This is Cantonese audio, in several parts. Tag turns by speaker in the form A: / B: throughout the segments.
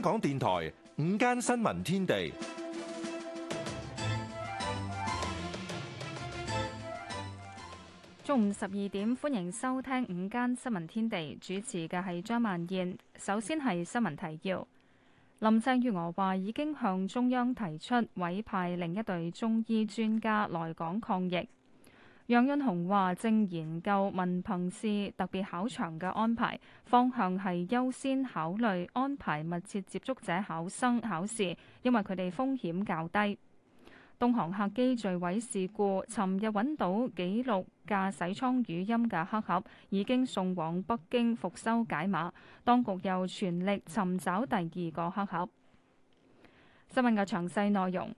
A: 香港電台午間新聞
B: 天地，
C: 中午十二點。歡迎收聽午間新聞天地，主持嘅係張曼燕。首先係新聞提要，林鄭月娥話已經向中央提出委派另一隊中醫專家來港抗疫。楊潤雄話：正研究文憑試特別考場嘅安排方向，係優先考慮安排密切接觸者考生考試，因為佢哋風險較低。東航客機墜毀事故尋日揾到記錄駕駛艙語音嘅黑盒，已經送往北京復修解碼。當局又全力尋找第二個黑盒。新聞嘅詳細內容。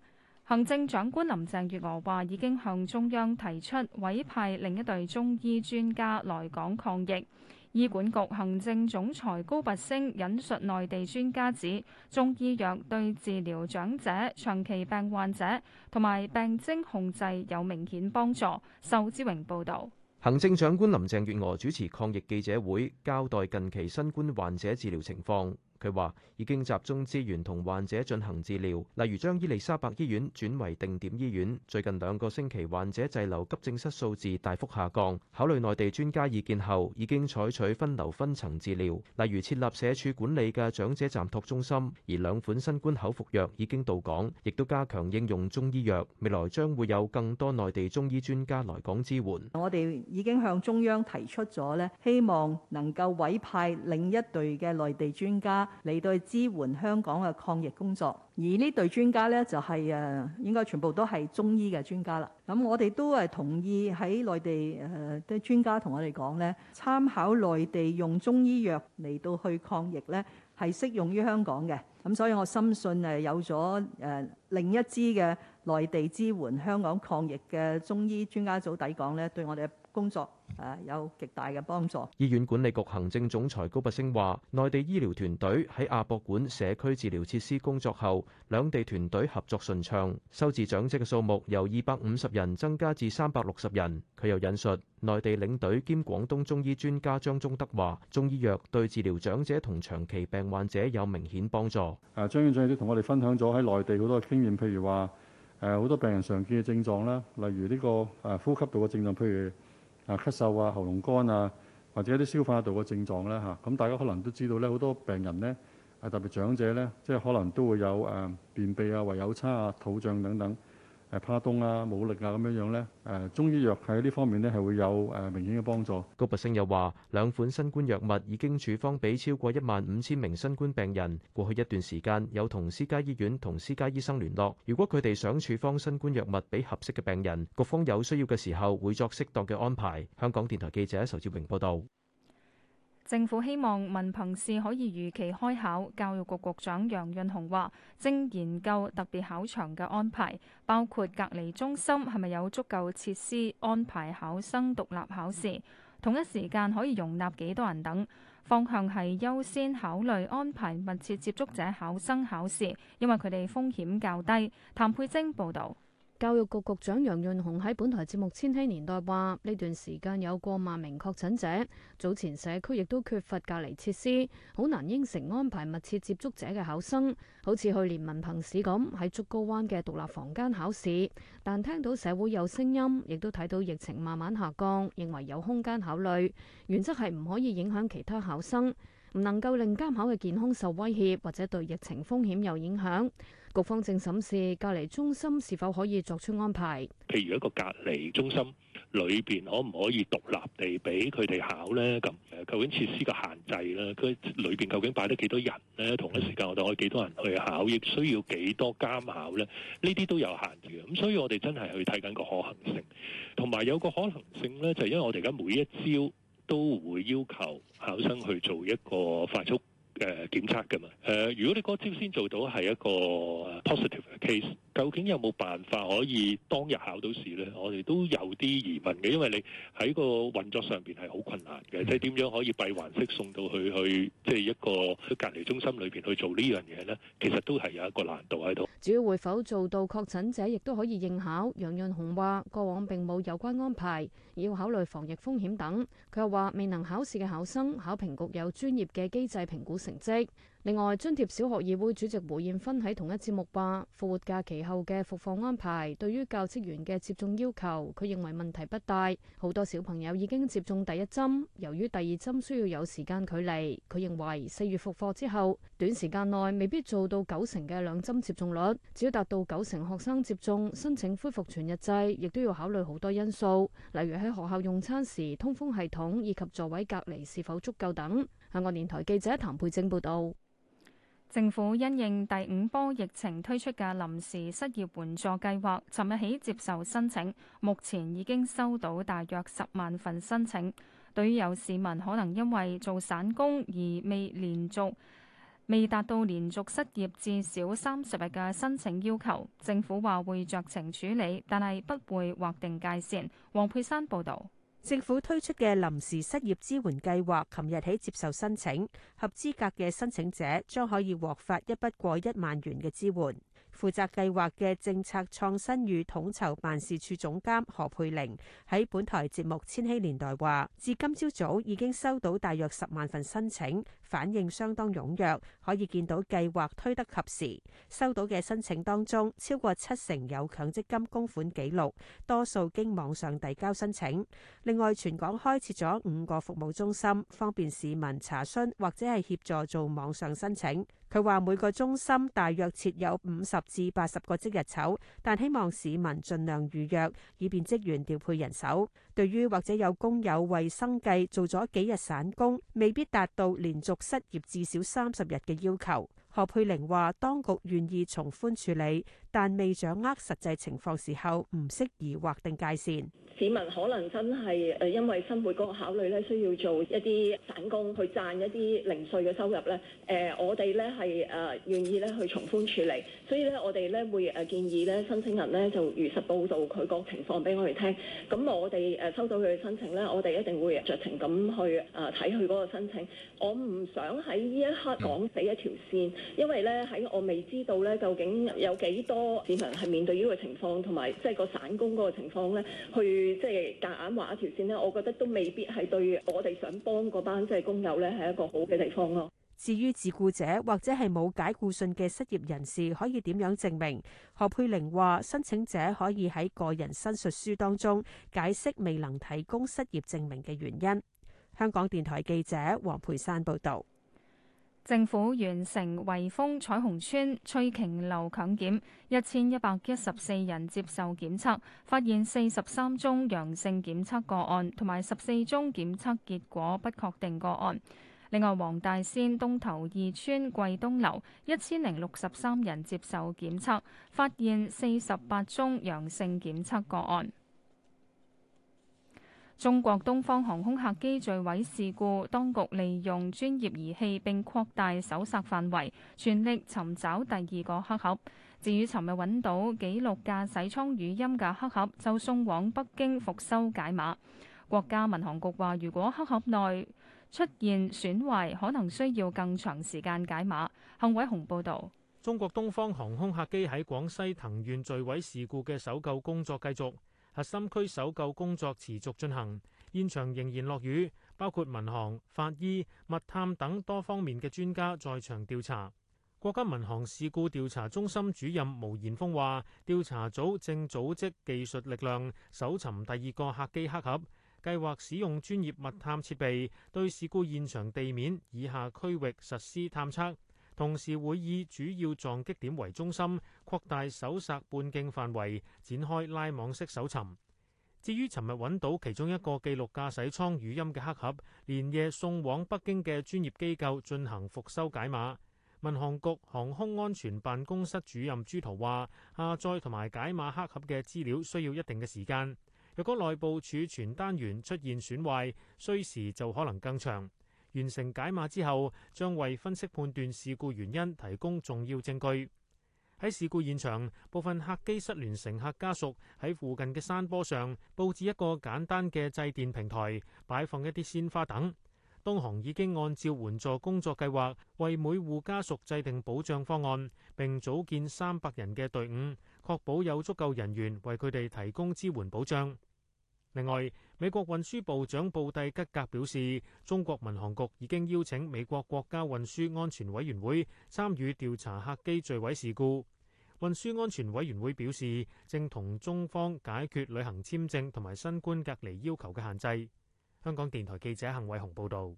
C: 行政長官林鄭月娥話：已經向中央提出委派另一隊中醫專家來港抗疫。醫管局行政總裁高拔昇引述內地專家指，中醫藥對治療長者、長期病患者同埋病徵控制有明顯幫助。仇之榮報導。
A: 行政長官林鄭月娥主持抗疫記者會，交代近期新冠患者治療情況。佢話已經集中資源同患者進行治療，例如將伊利沙伯醫院轉為定點醫院，最近兩個星期，患者滯留急症室數字大幅下降，考慮內地專家意見後，已經採取分流分層治療，例如設立社署管理嘅長者暫托中心。而兩款新冠口服藥已經到港，亦都加強應用中醫藥，未來將會有更多內地中醫專家來港支援。
D: 我哋已經向中央提出咗咧，希望能夠委派另一隊嘅內地專家，嚟到支援香港嘅抗疫工作，而呢對專家呢，就係誒應該全部都係中醫嘅專家啦。咁我哋都係同意喺內地誒啲專家同我哋講咧，參考內地用中醫藥嚟到去抗疫咧，係適用於香港嘅。咁所以我深信誒有咗誒另一支嘅內地支援香港抗疫嘅中醫專家組抵港咧，對我哋工作誒、啊、有極大嘅幫助。
A: 醫院管理局行政總裁高拔陞話，內地醫療團隊喺亞博館社區治療設施工作後，兩地團隊合作順暢，收治長者嘅數目由二百五十人增加至三百六十人。佢又引述內地領隊兼廣東中醫專家張忠德話，中醫藥對治療長者同長期病患者有明顯幫助。
B: 誒張院長亦都同我哋分享咗喺內地好多經驗，譬如話誒好多病人常見嘅症狀啦，例如呢個誒呼吸道嘅症狀，譬如。啊，咳嗽啊，喉嚨乾啊，或者一啲消化道嘅症狀咧嚇，咁、啊、大家可能都知道咧，好多病人咧，啊特別長者咧，即係可能都會有誒、啊、便秘啊、胃口差啊、肚脹等等。誒怕凍啊、冇力啊咁樣樣咧，誒中醫藥
A: 喺呢方面咧係會有誒明顯嘅幫助。高拔陞又話：兩款新冠藥物已經處方俾超過一萬五千名新冠病人。過去一段時間有同私家醫院同私家醫生聯絡，如果佢哋想處方新冠藥物俾合適嘅病人，各方有需要嘅時候會作適當嘅安排。香港電台記者仇志榮報道。
C: 政府希望文憑試可以如期開考。教育局局長楊潤雄話正研究特別考場嘅安排，包括隔離中心係咪有足夠設施安排考生獨立考試，同一時間可以容納幾多人等。方向係優先考慮安排密切接觸者考生考試，因為佢哋風
E: 險較低。譚佩晶報道。教育局局長楊潤雄喺本台節目《千禧年代》話：呢段時間有過萬名確診者，早前社區亦都缺乏隔離設施，好難應承安排密切接觸者嘅考生。好似去年文憑試咁，喺竹篙灣嘅獨立房間考試。但聽到社會有聲音，亦都睇到疫情慢慢下降，認為有空間考慮。原則係唔可以影響其他考生，唔能夠令監考嘅健康受威脅，或者對疫情風險有影響。局方正審視隔離中心是否可以作出安排，
F: 譬如，一個隔離中心裏邊可唔可以獨立地俾佢哋考呢？咁究竟設施嘅限制呢，佢裏邊究竟擺得幾多人呢？同一時間我哋可以幾多人去考，亦需要幾多監考呢？呢啲都有限嘅，咁所以我哋真係去睇緊個可行性，同埋有個可能性呢，就係因為我哋而家每一朝都會要求考生去做一個快速。誒、呃、檢測嘅嘛，誒、呃、如果你嗰朝先做到係一個誒 positive 嘅 case。究竟有冇辦法可以當日考到試咧？我哋都有啲疑問嘅，因為你喺個運作上邊係好困難嘅，嗯、即係點樣可以閉環式送到去去，即係一個隔離中心裏邊去做呢樣嘢咧？其實都係有一個難度喺度。
E: 主要會否做到確診者亦都可以應考，楊潤雄話：過往並冇有有關安排，要考慮防疫風險等。佢又話未能考試嘅考生，考評局有專業嘅機制評估成績。另外，津貼小學議會主席胡艷芬喺同一節目話復活假期後嘅復課安排，對於教職員嘅接種要求，佢認為問題不大。好多小朋友已經接種第一針，由於第二針需要有時間距離，佢認為四月復課之後短時間內未必做到九成嘅兩針接種率。只要達到九成學生接種，申請恢復全日制，亦都要考慮好多因素，例如喺學校用餐時通風系統以及座位隔離是否足夠等。香港電台記者譚佩正報道。政府因應第五波疫情推出
C: 嘅臨時失業援助計劃，尋日起接受申請，目前已經收到大約十萬份申請。對於有市民可能因為做散工而未連續未達到連續失業至少三十日嘅申請要求，政府話會酌情處理，但係不會劃定界線。黃
D: 佩珊報導。政府推出嘅臨時失業支援計劃，琴日起接受申請，合資格嘅申請者將可以獲發一筆過一萬元嘅支援。負責計劃嘅政策創新與統籌辦事處總監何佩玲喺本台節目《千禧年代》話，至今朝早已經收到大約十萬份申請，反應相當踴躍，可以見到計劃推得及時。收到嘅申請當中，超過七成有強積金供款紀錄，多數經網上遞交申請。另外，全港開設咗五個服務中心，方便市民查詢或者係協助做網上申請。佢話每個中心大約設有五十至八十個即日籌，但希望市民盡量預約，以便職員調配人手。對於或者有工友為生計做咗幾日散工，未必達到連續失業至少三十日嘅要求。何佩玲話：當局願意從寬處理。但未掌握實際情況時候，唔適宜劃定界線，
G: 市民可能真係誒因為生活嗰個考慮咧，需要做一啲散工去賺一啲零碎嘅收入咧。誒、呃、我哋咧係誒願意咧去從寬處理，所以咧我哋咧會誒建議咧申請人咧就如實報道佢個情況俾我哋聽，咁我哋誒收到佢嘅申請咧，我哋一定會酌情咁去誒睇佢嗰個申請，我唔想喺呢一刻講死一條線，因為咧喺我未知道咧究竟有幾多。多市民係面對呢個情況，同埋即係個散工嗰個情況咧，去即係夾硬畫一條線呢，我覺得都未必係對我哋想幫個班即係工友咧係一個好嘅地方咯。
D: 至於自雇者或者係冇解雇信嘅失業人士，可以點樣證明？何佩玲話：申請者可以喺個人申述書當中解釋未能提供失業證明嘅原因。香港電台記者黃培山報導。
C: 政府完成圍封彩虹邨翠瓊樓強檢，一千一百一十四人接受檢測，發現四十三宗陽性檢測個案，同埋十四宗檢測結果不確定個案。另外，黃大仙東頭二村貴東樓一千零六十三人接受檢測，發現四十八宗陽性檢測個案。中國東方航空客機墜毀事故，當局利用專業儀器並擴大搜尋範圍，全力尋找第二個黑盒。至於尋日揾到記錄駕駛艙語音嘅黑盒，就送往北京復修解碼。國家民航局話，如果黑盒內出現損壞，可能需要更長時間解碼。洪偉雄報道：
H: 中國東方航空客機喺廣西藤縣墜毀事故嘅搜救工作繼續。核心區搜救工作持續進行，現場仍然落雨，包括民航、法醫、物探等多方面嘅專家在場調查。國家民航事故調查中心主任毛延峰話，調查組正組織技術力量搜尋第二個客機黑盒，計劃使用專業物探設備對事故現場地面以下區域實施探測。同時會以主要撞擊點為中心，擴大搜索半徑範圍，展開拉網式搜尋。至於尋日揾到其中一個記錄駕駛艙語音嘅黑盒，連夜送往北京嘅專業機構進行復修解碼。民航局航空安全辦公室主任朱濤話：下載同埋解碼黑盒嘅資料需要一定嘅時間，若果內部儲存單元出現損壞，需時就可能更長。完成解碼之後，將為分析判斷事故原因提供重要證據。喺事故現場，部分客機失聯乘客家屬喺附近嘅山坡上布置一個簡單嘅祭奠平台，擺放一啲鮮花等。東航已經按照援助工作計劃為每戶家屬制定保障方案，並組建三百人嘅隊伍，確保有足夠人員為佢哋提供支援保障。另外，美國運輸部長布蒂吉格表示，中國民航局已經邀請美國國家運輸安全委員會參與調查客機墜毀事故。運輸安全委員會表示，正同中方解決旅行簽證同埋新冠隔離要求嘅限制。香港電台記者幸偉雄報道。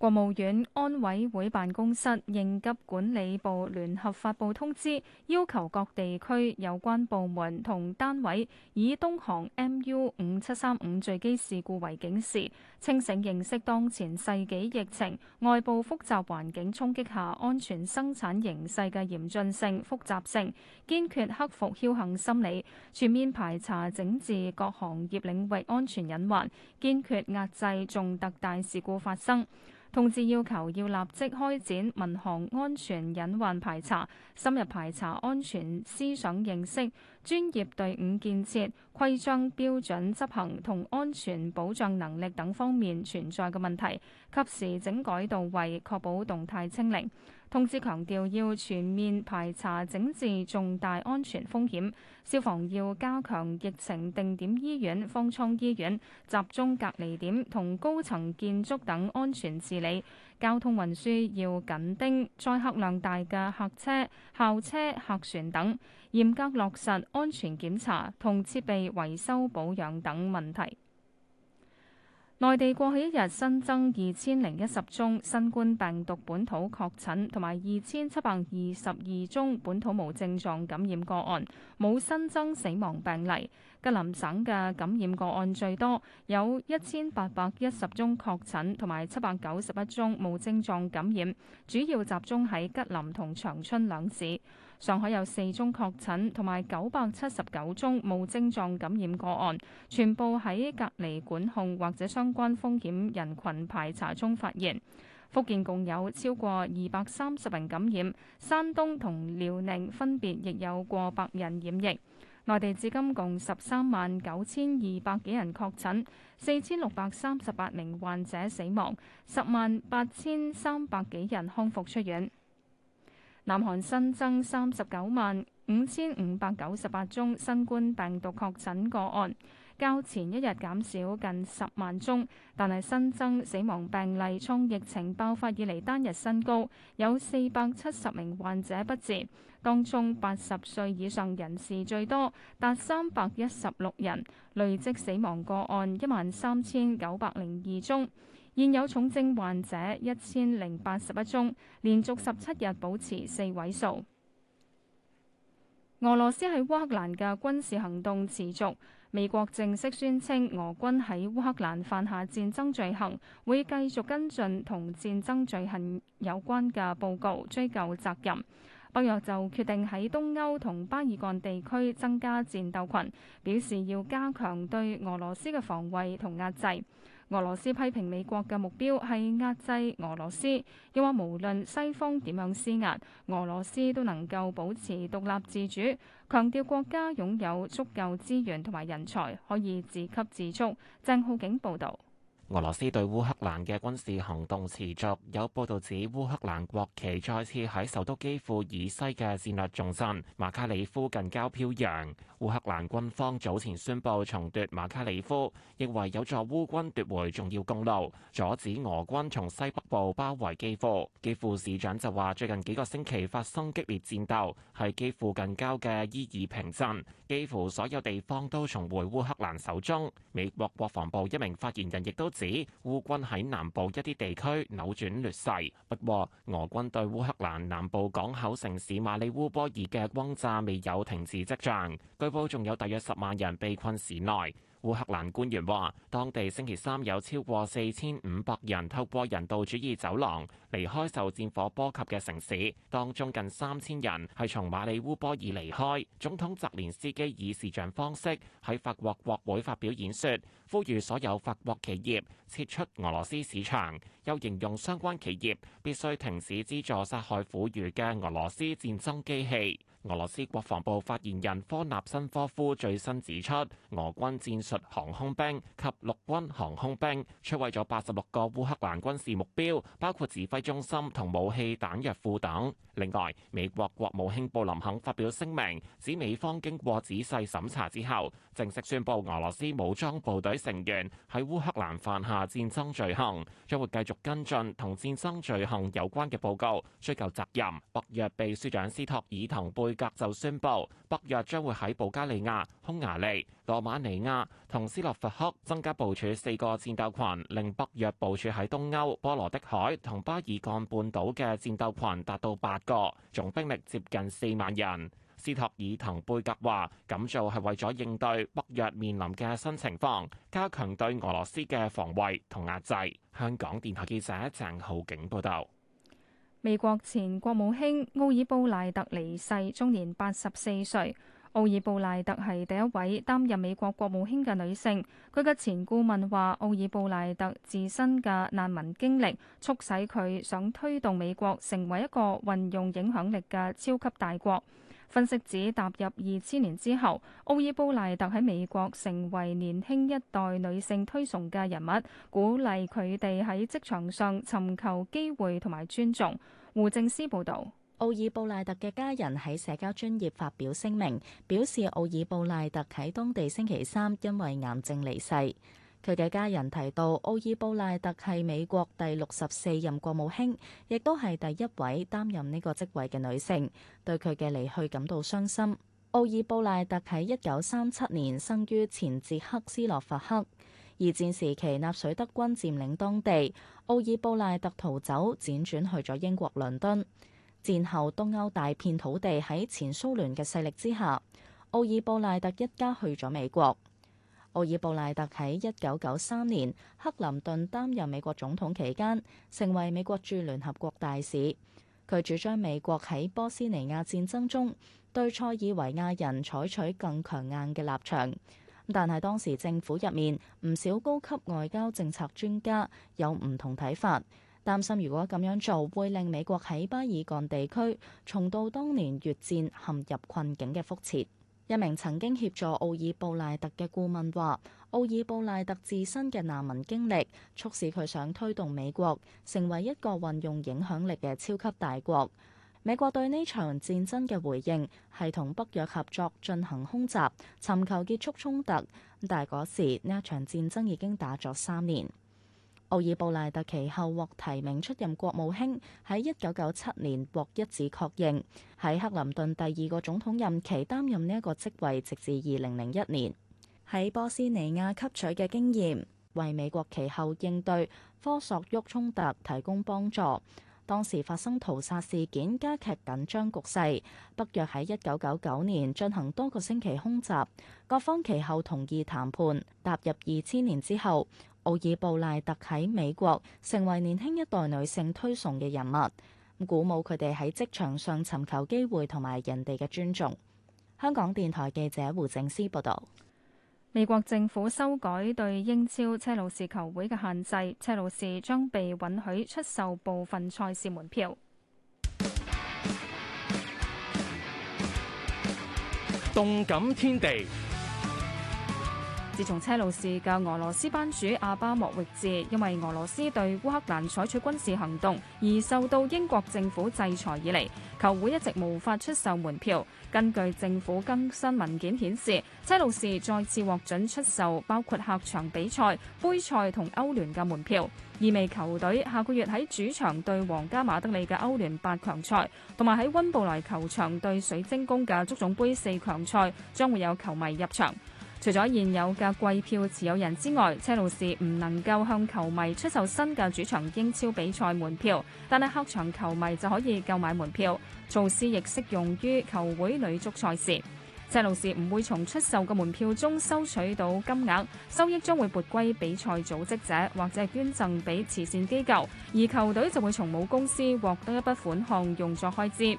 C: 國務院安委會辦公室應急管理部聯合發布通知，要求各地區有關部門同單位以東航 MU 五七三五墜機事故為警示，清醒認識當前世紀疫情、外部複雜環境衝擊下安全生產形勢嘅嚴峻性、複雜性，堅決克服僥幸心理，全面排查整治各行業領域安全隱患，堅決遏制重特大事故發生。通知要求要立即開展民航安全隱患排查，深入排查安全思想認識、專業隊伍建設、規章標準執行同安全保障能力等方面存在嘅問題，及時整改到位，確保動態清零。通知強調要全面排查整治重大安全風險，消防要加強疫情定點醫院、方艙醫院、集中隔離點同高層建築等安全治理；交通運輸要緊盯載客量大嘅客車、校車、客船等，嚴格落實安全檢查同設備維修保養等問題。內地過去一日新增二千零一十宗新冠病毒本土確診，同埋二千七百二十二宗本土無症狀感染個案，冇新增死亡病例。吉林省嘅感染個案最多，有一千八百一十宗確診，同埋七百九十一宗無症狀感染，主要集中喺吉林同長春兩市。上海有四宗確診，同埋九百七十九宗無症狀感染個案，全部喺隔離管控或者相關風險人群排查中發現。福建共有超過二百三十人感染，山東同遼寧分別亦有過百人染疫。內地至今共十三萬九千二百幾人確診，四千六百三十八名患者死亡，十萬八千三百幾人康復出院。南韓新增三十九萬五千五百九十八宗新冠病毒確診個案，較前一日減少近十萬宗，但係新增死亡病例創疫情爆發以嚟單日新高，有四百七十名患者不治，當中八十歲以上人士最多，達三百一十六人，累積死亡個案一萬三千九百零二宗。現有重症患者一千零八十一宗，連續十七日保持四位數。俄羅斯喺烏克蘭嘅軍事行動持續，美國正式宣稱俄軍喺烏克蘭犯下戰爭罪行，會繼續跟進同戰爭罪行有關嘅報告，追究責任。北約就決定喺東歐同巴爾幹地區增加戰鬥群，表示要加強對俄羅斯嘅防衛同壓制。俄羅斯批評美國嘅目標係壓制俄羅斯，又話無論西方點樣施壓，俄羅斯都能夠保持獨立自主。強調國家擁有足夠資源同埋人才，可以自給自足。鄭浩景報導。
I: 俄羅斯對烏克蘭嘅軍事行動持續，有報道指烏克蘭國旗再次喺首都基輔以西嘅戰略重鎮馬卡里夫近郊飄揚。烏克蘭軍方早前宣布重奪馬卡里夫，認為有助烏軍奪回重要公路，阻止俄軍從西北部包圍基輔。基輔市長就話：最近幾個星期發生激烈戰鬥，喺基輔近郊嘅伊爾平鎮，幾乎所有地方都重回烏克蘭手中。美國國防部一名發言人亦都。指烏軍喺南部一啲地區扭轉劣勢，不過俄軍對烏克蘭南部港口城市馬里烏波爾嘅轟炸未有停止跡象，據報仲有大約十萬人被困市內。烏克蘭官員話，當地星期三有超過四千五百人透過人道主義走廊離開受戰火波及嘅城市，當中近三千人係從馬里烏波爾離開。總統澤連斯基以視像方式喺法國國會發表演說，呼籲所有法國企業撤出俄羅斯市場，又形容相關企業必須停止資助殺害婦孺嘅俄羅斯戰爭機器。俄羅斯國防部發言人科納申科夫最新指出，俄軍戰術航空兵及陸軍航空兵摧毀咗八十六個烏克蘭軍事目標，包括指揮中心同武器彈藥庫等。另外，美國國務卿布林肯發表聲明，指美方經過仔細審查之後，正式宣布俄羅斯武裝部隊成員喺烏克蘭犯下戰爭罪行，將會繼續跟進同戰爭罪行有關嘅報告，追究責任。北約秘書長斯托爾滕貝貝格就宣布，北約將會喺保加利亞、匈牙利、羅馬尼亞同斯洛伐克增加部署四個戰鬥群，令北約部署喺東歐、波羅的海同巴爾幹半島嘅戰鬥群達到八個，總兵力接近四萬人。斯托爾滕貝格話，咁做係為咗應對北約面臨嘅新情況，加強對俄羅斯嘅防衛同壓制。香港電台記者鄭浩景報
H: 道。
C: 美國前國務卿奧爾布賴特離世，終年八十四歲。奧爾布賴特係第一位擔任美國國務卿嘅女性。佢嘅前顧問話，奧爾布賴特自身嘅難民經歷，促使佢想推動美國成為一個運用影響力嘅超級大國。分析指，踏入二千年之後，奧爾布賴特喺美國成為年輕一代女性推崇嘅人物，鼓勵佢哋喺職場上尋求機會
J: 同埋尊重。胡正思報導，奧爾布賴特嘅家人喺社交專業發表聲明，表示奧爾布賴特喺當地星期三因為癌症離世。佢嘅家人提到，奧爾布賴特係美國第六十四任國務卿，亦都係第一位擔任呢個職位嘅女性，對佢嘅離去感到傷心。奧爾布賴特喺一九三七年生於前捷克斯洛伐克，二戰時期納粹德軍佔領當地，奧爾布賴特逃走，輾轉去咗英國倫敦。戰後東歐大片土地喺前蘇聯嘅勢力之下，奧爾布賴特一家去咗美國。奧爾布賴特喺一九九三年克林頓擔任美國總統期間，成為美國駐聯合國大使。佢主張美國喺波斯尼亞戰爭中對塞爾維亞人採取更強硬嘅立場。但係當時政府入面唔少高級外交政策專家有唔同睇法，擔心如果咁樣做會令美國喺巴爾幹地區重蹈當年越戰陷入困境嘅覆轍。一名曾經協助奧爾布賴特嘅顧問話：奧爾布賴特自身嘅難民經歷，促使佢想推動美國成為一個運用影響力嘅超級大國。美國對呢場戰爭嘅回應係同北約合作進行空襲，尋求結束衝突。但係嗰時呢一場戰爭已經打咗三年。奧爾布賴特其後獲提名出任國務卿，喺一九九七年獲一致確認，喺克林頓第二個總統任期擔任呢一個職位，直至二零零一年。喺波斯尼亞吸取嘅經驗，為美國其後應對科索沃衝突提供幫助。當時發生屠殺事件，加劇緊張局勢。北約喺一九九九年進行多個星期空襲，各方其後同意談判，踏入二千年之後。奧爾布賴特喺美國成為年輕一代女性推崇嘅人物，鼓舞佢哋喺職場上尋求機會同埋人哋嘅尊重。香港電台記者胡靜思報道。美國政府修改對
C: 英超車路士球會嘅限制，車路士將被允許出售部分賽事門票。動感天地。自從車路士嘅俄羅斯班主，阿巴莫域治，因為俄羅斯對烏克蘭採取軍事行動而受到英國政府制裁以嚟，球會一直無法出售門票。根據政府更新文件顯示，車路士再次獲准出售包括客場比賽、杯賽同歐聯嘅門票，意味球隊下個月喺主場對皇家馬德里嘅歐聯八強賽，同埋喺溫布萊球場對水晶宮嘅足總盃四強賽，將會有球迷入場。除咗現有嘅季票持有人之外，車路士唔能夠向球迷出售新嘅主場英超比賽門票，但係客場球迷就可以購買門票。措施亦適用於球會女足賽事。車路士唔會從出售嘅門票中收取到金額，收益將會撥歸比賽組織者或者係捐贈俾慈善機構，而球隊就會從母公司獲得一筆款項用作開支。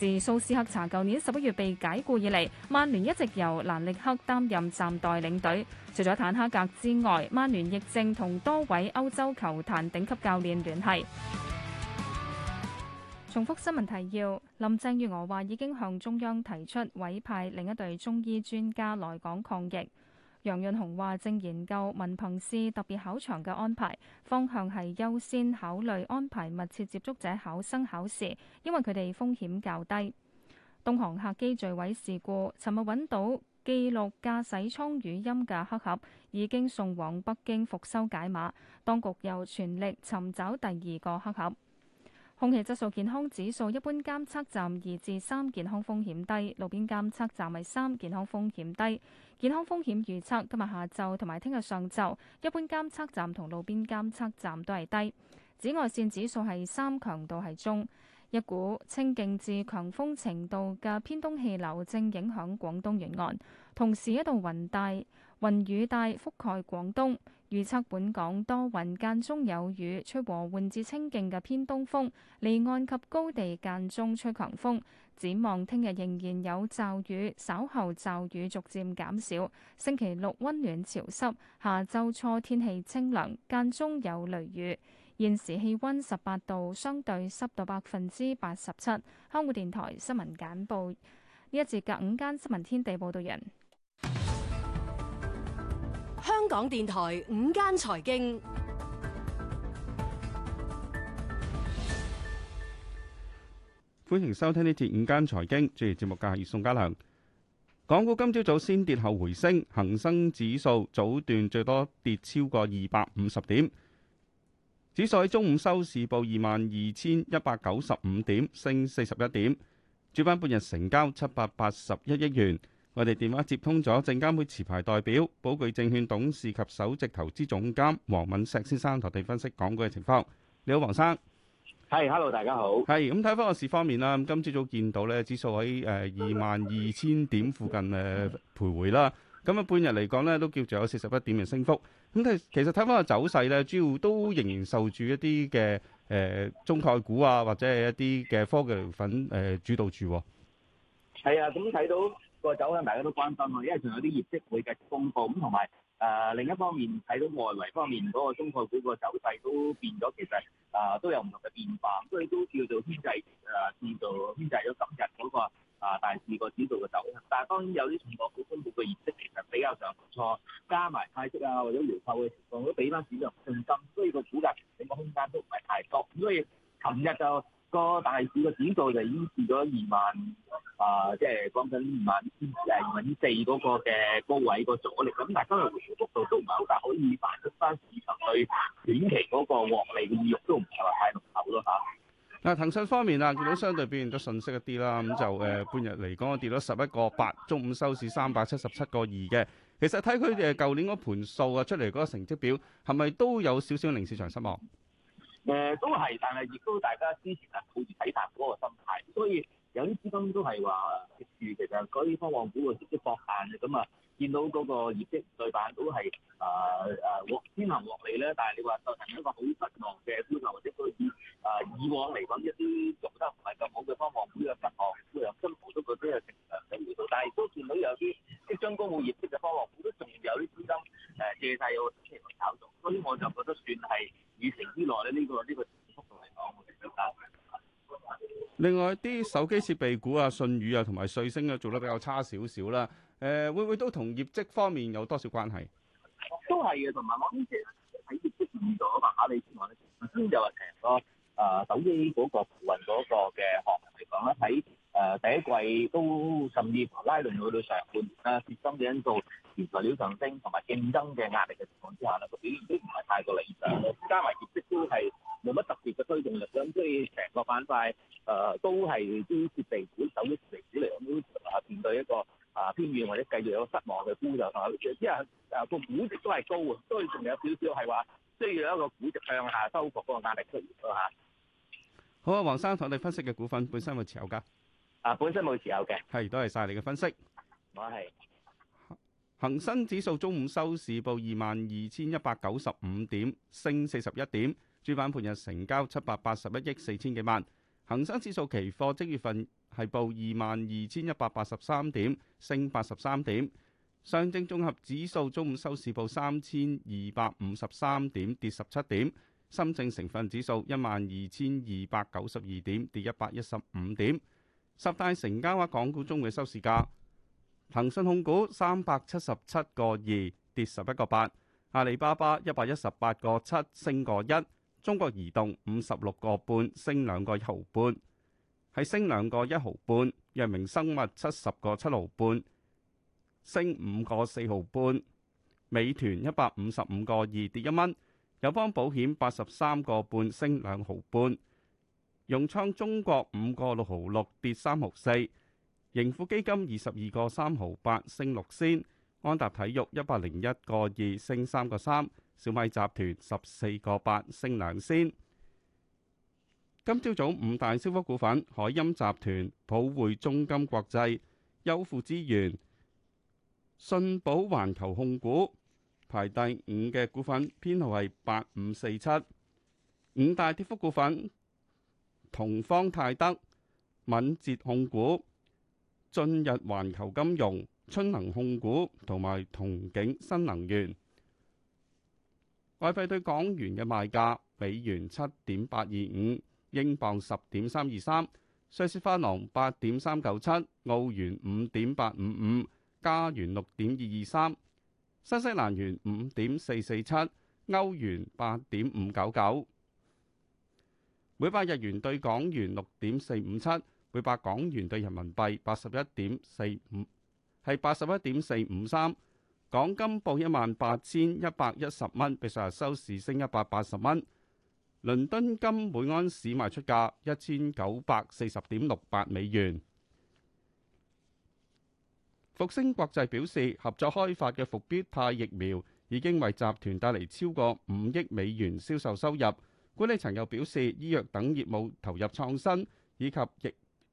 C: 自蘇斯克查舊年十一月被解雇以嚟，曼聯一直由蘭力克擔任暫代領隊。除咗坦哈格之外，曼聯亦正同多位歐洲球壇頂級教練聯繫。重複新聞提要：林鄭月娥話已經向中央提出委派另一隊中醫專家來港抗疫。楊潤雄話：正研究文憑試特別考場嘅安排，方向係優先考慮安排密切接觸者考生考試，因為佢哋風險較低。東航客機墜毀事故，尋日揾到記錄駕駛艙語音嘅黑盒，已經送往北京復修解碼，當局又全力尋找第二個黑盒。空氣質素健康指數一般監測站二至三，健康風險低；路邊監測站係三，健康風險低。健康風險預測今日下晝同埋聽日上晝，一般監測站同路邊監測站都係低。紫外線指數係三，強度係中。一股清勁至強風程度嘅偏東氣流正影響廣東沿岸，同時一度雲帶、雲雨帶覆蓋廣東。預測本港多雲間中有雨，吹和緩至清勁嘅偏東風，離岸及高地間中吹強風。展望聽日仍然有驟雨，稍後驟雨逐漸減少。星期六溫暖潮濕，下周初天氣清涼間中有雷雨。現時氣溫十八度，相對濕度百分之八十七。香港電台新聞簡報，呢一節隔午間新聞天地
E: 報道人。香港電台午間財
G: 經，
B: 歡迎收聽呢節午間財經。主持節目嘅係宋家良。港股今朝早，早先跌後回升，恒生指數早段最多跌超過二百五十點，指數喺中午收市報二萬二千一百九十五點，升四十一點。主板半日成交七百八十一億元。我哋電話接通咗證監會持牌代表寶具證券董事及首席投資總監黃敏石先生，同我哋分析港股嘅情況。你好，黃生。
F: 係、hey,，Hello，大家好。
B: 係，咁睇翻個市方面啦。咁今朝早見到咧，指數喺誒二萬二千點附近誒、呃、徘徊啦。咁啊，半日嚟講咧，都叫做有四十一點嘅升幅。咁但其實睇翻個走勢咧，主要都仍然受住一啲嘅誒中概股啊，或者係一啲嘅科技類股份誒、呃、主導住。係、hey,
F: 啊，咁睇到。個走向大家都關心咯，因為仲有啲業績會繼續公布，咁同埋誒另一方面睇到外圍方面嗰個中國股個走勢都變咗，其實誒都有唔同嘅變化，所以都叫做牽制誒，叫做牽制咗今日嗰個啊大市個指數嘅走向。但係當然有啲中國股公布嘅業績其實比較上唔錯，加埋派息啊或者回購嘅情況都俾翻市場信心，所以個股價調整嘅空間都唔係太多。咁所以今日就～個大市嘅指數就已經跌咗二萬啊，即係講緊二萬二萬四嗰個嘅高位個阻力。咁但係今日回復速度都唔係好大，可以反映出市場對短期嗰個獲利嘅意欲都唔係話太濃厚咯嚇。
B: 嗱、啊，騰訊方面啊，見到相對表現咗順息一啲啦。咁就誒半、呃、日嚟講，跌咗十一個八，中午收市三百七十七個二嘅。其實睇佢哋舊年嗰盤數啊出嚟嗰個成績表，係咪都有少少令市場失望？
F: 誒、嗯、都係，但係亦都大家之前係抱住睇淡嗰個心態，所以。有啲資金都係話預其實嗰啲方旺股喎，即即放限嘅咁啊，見到嗰個業績對辦都係啊啊獲先行獲利咧，但係你話就成一個好失望嘅要求，或者都以啊以往嚟講一啲做得唔係咁好嘅方旺股嘅失望，都有真好多個都有成長嘅味道，但係都見到有啲即將公布業績嘅方旺股都仲有啲資金誒借曬個星期去炒作，所以我就覺得算係預期之內咧，呢個呢個幅度嚟講，我哋覺得。
B: 另外啲手機設備股啊、舜宇啊同埋瑞聲啊做得比較差少少啦，誒會唔會都同業績方面有多少關係？
F: 都係嘅，同埋我啲其實睇業績變咗嘛，阿里之外咧，又係成個誒手機嗰個運嗰個嘅行業嚟講咧，喺誒第一季都甚至乎拉輪去到上半年啦，跌生嘅因素、原材料上升同埋競爭嘅壓力嘅情況之下啦，個表現都唔係太過理想咯，加埋業績都係冇乜特別嘅推動力。個板塊誒，都係啲蝕地股、首益地股嚟，咁都啊面對一個啊偏軟或者繼續有失望嘅沽壓。但係因為誒個估值，都係高嘅，所以仲有少少係話需要一個估值向下收窄嗰個壓力出現咯吓。
B: 好啊，黃生，睇你分析嘅股份本身有冇持有噶？
F: 啊，本身冇持有嘅。
B: 係，多謝晒你嘅分析。我係。恒生指數中午收市報二萬二千一百九十五點，升四十一點。主板半日成交七百八十一億四千幾萬。恒生指數期貨即月份係報二萬二千一百八十三點，升八十三點。上證綜合指數中午收市報三千二百五十三點，跌十七點。深證成分指數一萬二千二百九十二點，跌一百一十五點。十大成交額港股中嘅收市價。騰訊控股三百七十七個二跌十一個八，阿里巴巴一百一十八個七升個一，中國移動五十六個半升兩個一毫半，係升兩個一毫半，藥明生物七十個七毫半升五個四毫半，美團一百五十五個二跌一蚊，友邦保險八十三個半升兩毫半，融創中國五個六毫六跌三毫四。盈富基金二十二個三毫八升六仙，安踏體育一百零一個二升三個三，小米集團十四個八升兩仙。今朝早五大升幅股份：海鑫集團、普惠中金國際、優富資源、信保環球控股，排第五嘅股份編號係八五四七。五大跌幅股份：同方泰德、敏捷控股。進入環球金融、春能控股同埋同景新能源。外幣對港元嘅賣價：美元七點八二五，英鎊十點三二三，瑞士法郎八點三九七，澳元五點八五五，加元六點二二三，新西蘭元五點四四七，歐元八點五九九，每百日元對港元六點四五七。每百港元兌人民幣八十一點四五，係八十一點四五三港金報一萬八千一百一十蚊，比上日收市升一百八十蚊。倫敦金每安士賣出價一千九百四十點六八美元。復星國際表示，合作開發嘅復必泰疫苗已經為集團帶嚟超過五億美元銷售收入。管理層又表示，醫藥等業務投入創新以及疫。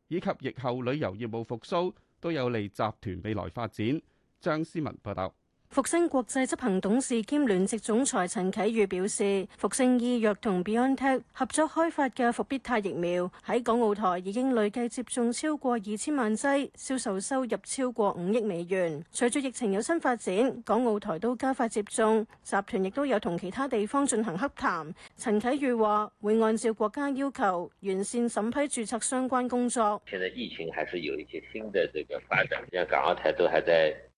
B: 以及疫後旅遊業務復甦都有利集團未來發展。張思文報道。
G: 復星國際執行董事兼聯席總裁陳啟宇表示，復星醫藥同 BioNTech 合作開發嘅復必泰疫苗喺港澳台已經累計接種超過二千萬劑，銷售收入超過五億美元。隨住疫情有新發展，港澳台都加快接種，集團亦都有同其他地方進行洽談。陳啟宇話，會按照國家要求完善審批註冊相關工作。
I: 現在疫情還是有一些新的這個發展，因為港澳台都還在。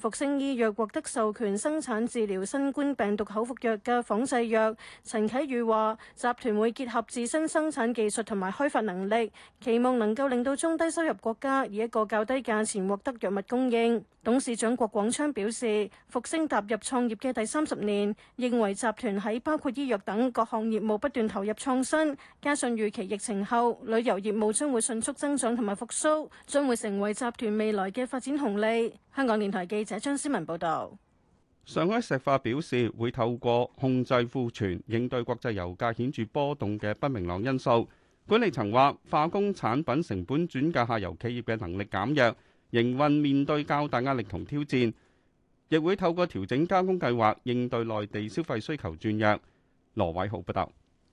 G: 復星醫藥獲得授權生產治療新冠病毒口服藥嘅仿製藥。陳啟宇話，集團會結合自身生產技術同埋開發能力，期望能夠令到中低收入國家以一個較低價錢獲得藥物供應。董事長郭廣昌表示，復星踏入創業嘅第三十年，認為集團喺包括醫藥等各項業務不斷投入創新，加上預期疫情後旅遊業務將會迅速增長同埋復甦，將會成為集團未來嘅發展紅利。香港電台記者張思文報道：
B: 上海石化表示會透過控制庫存應對國際油價顯著波動嘅不明朗因素。管理層話，化工產品成本轉嫁下游企業嘅能力減弱，營運面對較大壓力同挑戰。亦會透過調整加工計劃應對內地消費需求轉弱。羅偉豪報道。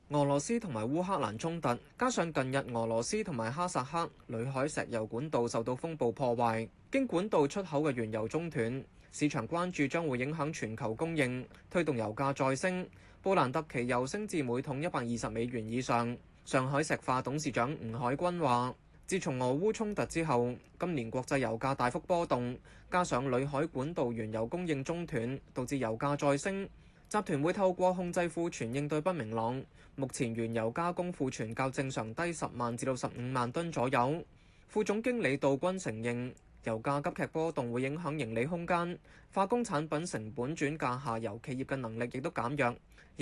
K: 俄羅斯同埋烏克蘭衝突，加上近日俄羅斯同埋哈薩克裏海石油管道受到風暴破壞，經管道出口嘅原油中斷，市場關注將會影響全球供應，推動油價再升。布蘭特期油升至每桶一百二十美元以上。上海石化董事長吳海君話：自從俄烏衝突之後，今年國際油價大幅波動，加上裏海管道原油供應中斷，導致油價再升。集團會透過控制庫存應對不明朗。目前原油加工庫存較正常低十萬至到十五萬噸左右。副總經理杜軍承認，油價急劇波動會影響盈利空間，化工產品成本轉嫁下游企業嘅能力亦都減弱，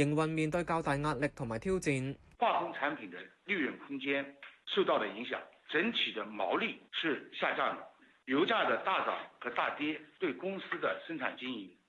K: 營運面對較大壓力同埋挑戰。
F: 化工產品嘅利潤空間受到嘅影響，整體嘅毛利是下降的。油價嘅大漲和大跌對公司的生產經營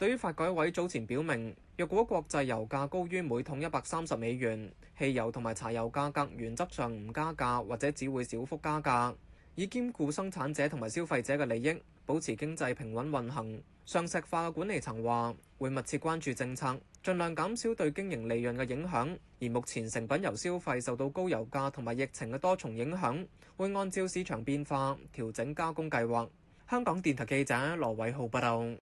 K: 對於發改委早前表明，若果國際油價高於每桶一百三十美元，汽油同埋柴油價格原則上唔加價或者只會小幅加價，以兼顧生產者同埋消費者嘅利益，保持經濟平穩運行。上石化管理層話會密切關注政策，盡量減少對經營利潤嘅影響。而目前成品油消費受到高油價同埋疫情嘅多重影響，會按照市場變化調整加工計劃。香港電台記者羅偉浩報道。